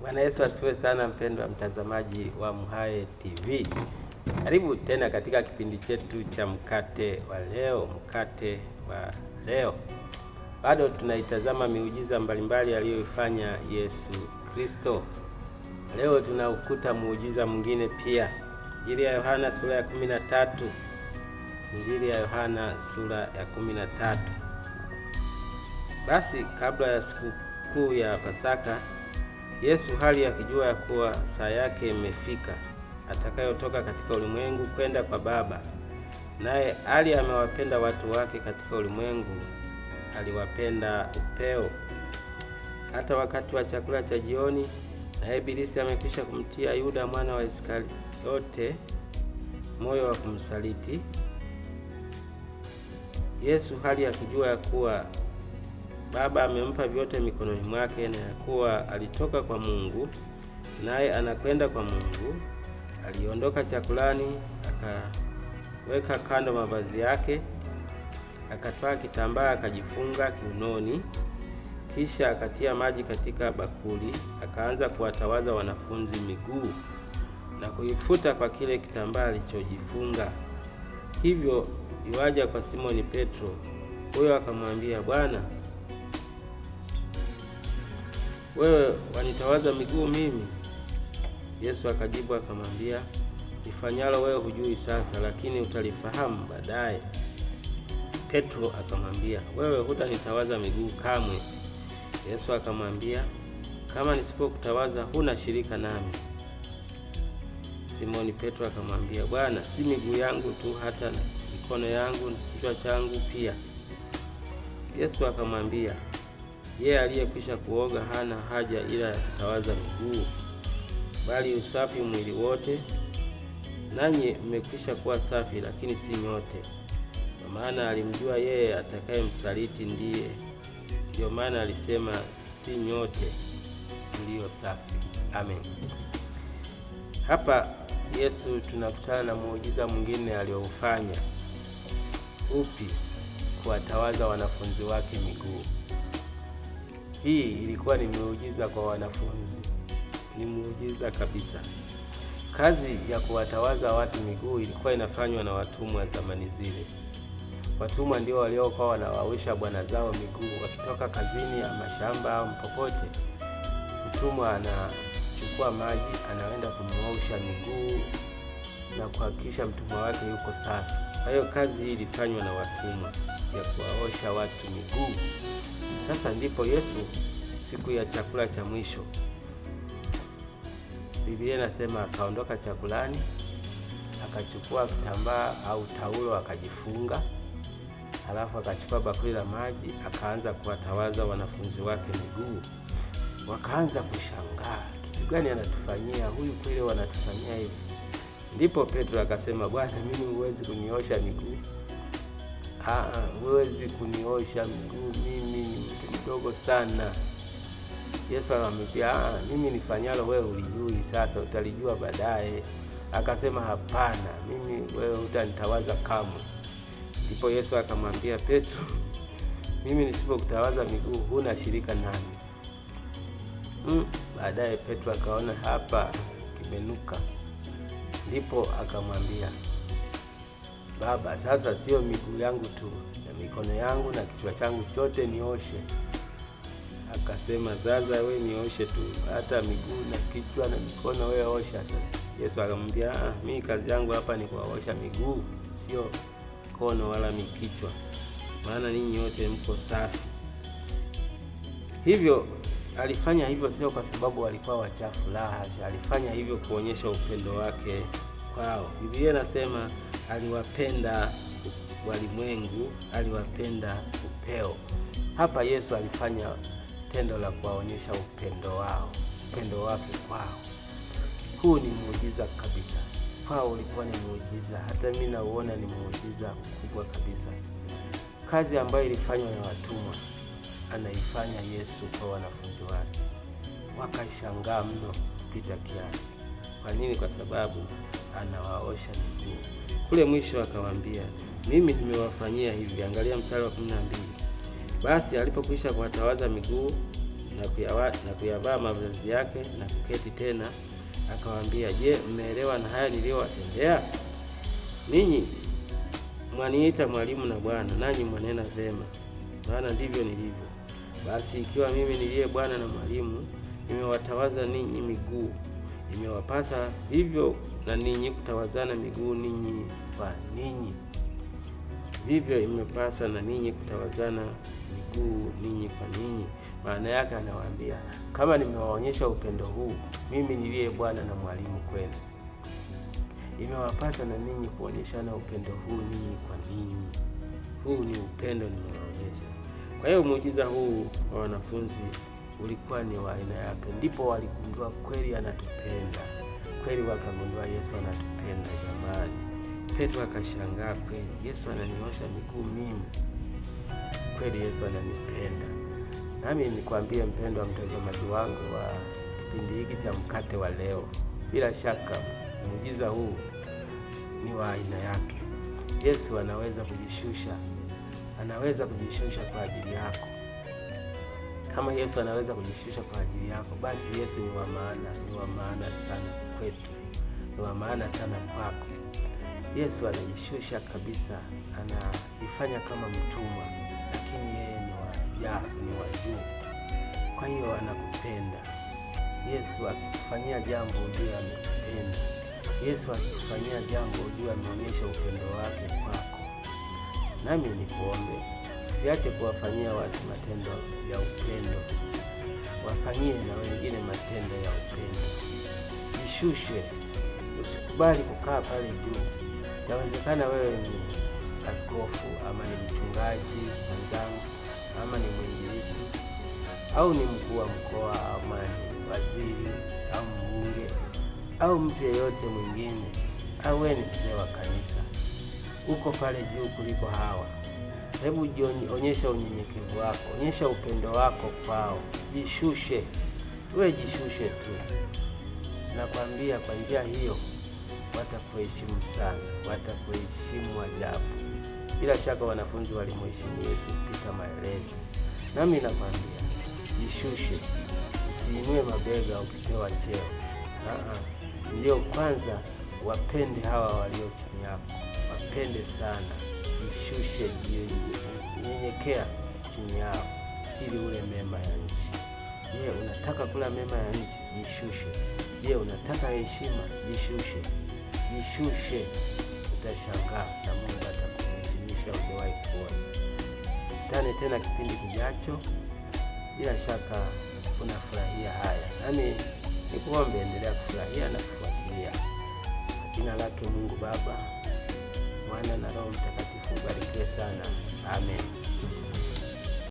Bwana Yesu asifiwe sana, mpendwa mtazamaji wa MHAE TV, karibu tena katika kipindi chetu cha mkate wa leo. Mkate wa leo, bado tunaitazama miujiza mbalimbali aliyoifanya Yesu Kristo. Leo tunaukuta muujiza mwingine pia, Injili ya Yohana sura ya 13. Injili ya Yohana sura ya 13. Basi kabla ya sikukuu ya Pasaka Yesu hali akijua ya kuwa saa yake imefika atakayotoka katika ulimwengu kwenda kwa Baba, naye ali amewapenda watu wake katika ulimwengu, aliwapenda upeo. Hata wakati wa chakula cha jioni, na Ibilisi amekwisha kumtia Yuda mwana wa Iskariote moyo wa kumsaliti. Yesu hali akijua ya kuwa Baba amempa vyote mikononi mwake, na ya kuwa alitoka kwa Mungu naye anakwenda kwa Mungu. Aliondoka chakulani, akaweka kando mavazi yake, akatwaa kitambaa akajifunga kiunoni, kisha akatia maji katika bakuli, akaanza kuwatawaza wanafunzi miguu na kuifuta kwa kile kitambaa alichojifunga. Hivyo iwaja kwa Simoni Petro, huyo akamwambia, Bwana wewe wanitawaza miguu mimi? Yesu akajibu akamwambia, nifanyalo wewe hujui sasa, lakini utalifahamu baadaye. Petro akamwambia, wewe hutanitawaza miguu kamwe. Yesu akamwambia, kama nisipokutawaza huna shirika nami. Simoni Petro akamwambia, Bwana, si miguu yangu tu, hata mikono yangu na kichwa changu pia. Yesu akamwambia yeye aliyekwisha kuoga hana haja ila ya kutawaza miguu, bali usafi mwili wote? Nanyi mmekwisha kuwa safi, lakini si nyote. Kwa maana alimjua yeye atakayemsaliti ndiye. Ndiyo maana alisema si nyote ndiyo safi. Amen. Hapa Yesu tunakutana na muujiza mwingine aliyoufanya upi? Kuwatawaza wanafunzi wake miguu. Hii ilikuwa ni muujiza kwa wanafunzi, ni muujiza kabisa. Kazi ya kuwatawaza watu miguu ilikuwa inafanywa na watumwa zamani zile. Watumwa ndio waliokuwa wanawawisha bwana zao miguu wakitoka kazini ya mashamba au mpopote. Mtumwa anachukua maji, anaenda kumwosha miguu na kuhakikisha mtumwa wake yuko safi. Kwa hiyo kazi hii ilifanywa na watumwa ya kuwaosha watu miguu. Sasa ndipo Yesu siku ya chakula cha mwisho, Biblia inasema akaondoka chakulani, akachukua kitambaa au taulo akajifunga, halafu akachukua bakuli la maji, akaanza kuwatawaza wanafunzi wake miguu. Wakaanza kushangaa, kitu gani anatufanyia huyu? Kweli wanatufanyia hivi? Ndipo Petro akasema, Bwana, mimi huwezi kuniosha miguu, ah, ah, huwezi kuniosha miguu mimi kidogo sana. Yesu akamwambia, ah, mimi nifanyalo wewe ulijui, sasa utalijua baadaye. Akasema, hapana, mimi wewe utanitawaza kamwe. Ndipo Yesu akamwambia Petro, mimi nisipokutawaza miguu huna shirika nami. Mm, baadaye Petro akaona hapa kimenuka, ndipo akamwambia Baba, sasa sio miguu yangu tu na mikono yangu na kichwa changu chote nioshe. Akasema zaza we nioshe tu, hata miguu na kichwa na mikono, we osha sasa. Yesu akamwambia, ah, mimi kazi yangu hapa ni kuwaosha miguu, sio mikono wala mikichwa, maana ninyi wote mko safi. Hivyo alifanya hivyo sio kwa sababu walikuwa wachafu, la, alifanya hivyo kuonyesha upendo wake kwao. Biblia nasema aliwapenda walimwengu, aliwapenda upeo. Hapa Yesu alifanya tendo la kuwaonyesha upendo wao, upendo wake kwao. Huu ni muujiza kabisa kwao, ulikuwa ni muujiza, hata mimi nauona ni muujiza mkubwa kabisa. Kazi ambayo ilifanywa na watumwa anaifanya Yesu kwa wanafunzi wake, wakashangaa mno kupita kiasi. Kwa nini? Kwa sababu anawaosha miguu. Kule mwisho akawaambia, mimi nimewafanyia hivi. Angalia mstari wa kumi na mbili. Basi alipokwisha kuwatawaza miguu na kuyavaa mavazi yake na kuketi tena, akawaambia, Je, mmeelewa na haya niliyowatendea ninyi? Mwaniita mwalimu na Bwana, nanyi mwanena vema, maana ndivyo nilivyo. Basi ikiwa mimi niliye Bwana na mwalimu nimewatawaza ninyi miguu, imewapasa vivyo na ninyi kutawazana miguu ninyi kwa ninyi vivyo imepasa na ninyi kutawazana miguu ninyi kwa ninyi. Maana yake anawaambia kama nimewaonyesha upendo huu, mimi niliye Bwana na mwalimu kwenu, imewapasa na ninyi kuonyeshana upendo huu ninyi kwa ninyi. Huu ni upendo nimewaonyesha. Kwa hiyo muujiza huu wa wanafunzi ulikuwa ni wa aina yake, ndipo waligundua kweli anatupenda, kweli wakagundua Yesu anatupenda jamani. Petro akashangaa kweli, Yesu ananiosha miguu mimi? Kweli Yesu ananipenda. Nami nikwambie mpendwa mtazamaji wangu wa kipindi hiki cha mkate wa leo, bila shaka muujiza huu ni wa aina yake. Yesu anaweza kujishusha, anaweza kujishusha kwa ajili yako. Kama Yesu anaweza kujishusha kwa ajili yako, basi Yesu ni wa maana, ni wa maana sana kwetu, ni wa maana sana kwako. Yesu anajishusha kabisa, anaifanya kama mtumwa, lakini yeye ni wa ya, ni wa juu. Kwa hiyo anakupenda Yesu. Akikufanyia jambo ujue amekupenda Yesu. Akikufanyia jambo ujue ameonyesha upendo wake kwako. Nami nikuombe siache kuwafanyia watu matendo ya upendo, wafanyie na wengine matendo ya upendo. Jishushe, usikubali kukaa pale juu. Yawezekana wewe ni askofu ama ni mchungaji mwenzangu ama ni mwinjilisti au ni mkuu wa mkoa ama ni waziri au mbunge au mtu yeyote mwingine au wewe ni mzee wa kanisa, uko pale juu kuliko hawa. Hebu onyesha unyenyekevu wako, onyesha upendo wako kwao, jishushe. Wewe jishushe tu, nakwambia kwa njia hiyo watakuheshimu sana, watakuheshimu ajabu. Bila shaka wanafunzi walimheshimu Yesu kupita maelezo. Nami nakwambia jishushe, usiinue mabega ukipewa cheo. Ndio kwanza, wapende hawa walio chini yako, wapende sana. Jishushe, jinyenyekea chini yao ili ule mema ya nchi. Je, unataka kula mema ya nchi? Jishushe. Je, unataka heshima? Jishushe nishushe, utashangaa na Mungu atakuheshimisha uliwahi kuona. Tane tena kipindi kijacho, bila shaka unafurahia haya, nami yaani, nikuombe, endelea kufurahia na kufuatilia. Jina lake Mungu Baba, Mwana na Roho Mtakatifu ubarikiwe sana. Amen.